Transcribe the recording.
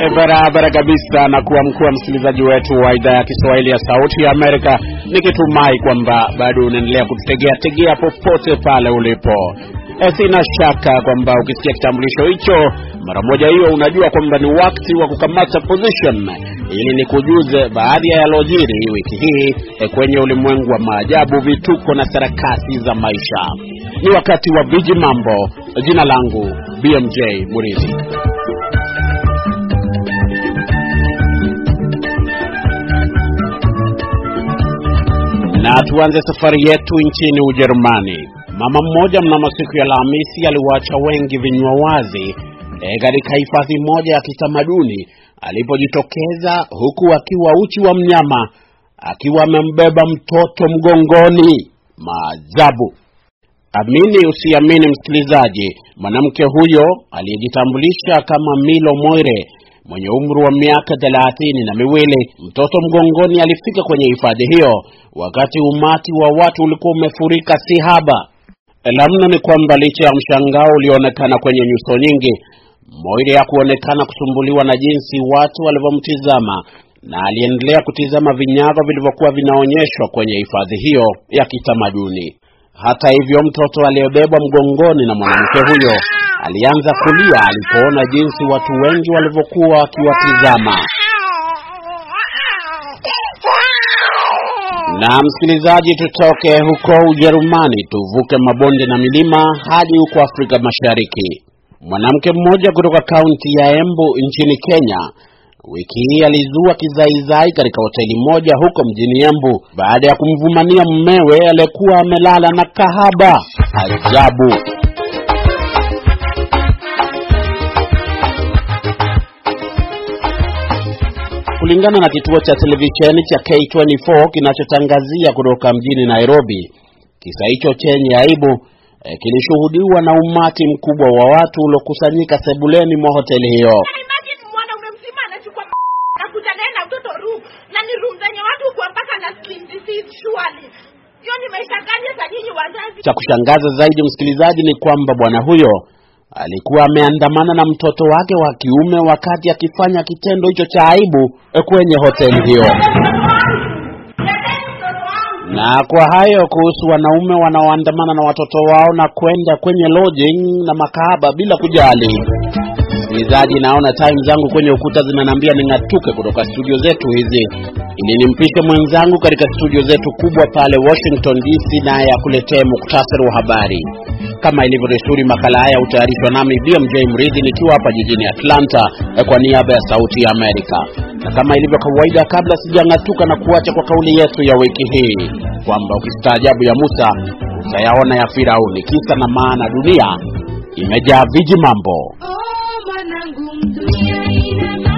E, barabara kabisa na kuwa mkuu wa msikilizaji wetu wa idhaa ya Kiswahili ya Sauti ya Amerika, nikitumai kwamba bado unaendelea kututegea tegea popote pale ulipo. E, sina shaka kwamba ukisikia kitambulisho hicho mara moja hiyo unajua kwamba ni wakati wa kukamata position ili nikujuze baadhi ya yalojiri wiki hii e, kwenye ulimwengu wa maajabu, vituko na sarakasi za maisha. Ni wakati wa viji mambo. Jina langu BMJ muridhi Na tuanze safari yetu nchini Ujerumani. Mama mmoja mnamo siku ya Alhamisi aliwaacha wengi vinywa wazi eh, katika e, hifadhi moja ya kitamaduni alipojitokeza huku akiwa uchi wa mnyama akiwa amembeba mtoto mgongoni. Maajabu! Amini usiamini, msikilizaji, mwanamke huyo aliyejitambulisha kama Milo Moire mwenye umri wa miaka thelathini na miwili, mtoto mgongoni, alifika kwenye hifadhi hiyo wakati umati wa watu ulikuwa umefurika si haba. Lamno ni kwamba licha ya mshangao ulioonekana kwenye nyuso nyingi, ya hakuonekana kusumbuliwa na jinsi watu walivyomtizama na aliendelea kutizama vinyago vilivyokuwa vinaonyeshwa kwenye hifadhi hiyo ya kitamaduni. Hata hivyo, mtoto aliyebebwa mgongoni na mwanamke huyo alianza kulia alipoona jinsi watu wengi walivyokuwa wakiwatizama. Na msikilizaji, tutoke huko Ujerumani tuvuke mabonde na milima hadi huko Afrika Mashariki. Mwanamke mmoja kutoka kaunti ya Embu nchini Kenya wiki hii alizua kizaizai katika hoteli moja huko mjini Embu baada ya kumvumania mmewe aliyekuwa amelala na kahaba. Ajabu! Kulingana na kituo cha televisheni cha K24 kinachotangazia kutoka mjini Nairobi, kisa hicho chenye aibu eh, kilishuhudiwa na umati mkubwa wa watu uliokusanyika sebuleni mwa hoteli hiyo. Cha kushangaza zaidi, msikilizaji, ni kwamba bwana huyo alikuwa ameandamana na mtoto wake wa kiume wakati akifanya kitendo hicho cha aibu kwenye hoteli hiyo. Na kwa hayo kuhusu wanaume wanaoandamana na watoto wao na kwenda kwenye lodging na makahaba bila kujali. Msikilizaji, naona time zangu kwenye ukuta zinaniambia ning'atuke kutoka studio zetu hizi ili nimpishe mwenzangu katika studio zetu kubwa pale Washington DC, naye akuletee muktasari wa habari. Kama ilivyo desturi, makala haya hutayarishwa nami BMJ Mridhi nikiwa hapa jijini Atlanta eh, kwa niaba ya Sauti ya Amerika, na kama ilivyo kawaida, kabla sijang'atuka na kuacha kwa kauli yetu ya wiki hii kwamba ukistaajabu ya Musa utayaona ya Firauni. Kisa na maana, dunia imejaa viji mambo. Oh,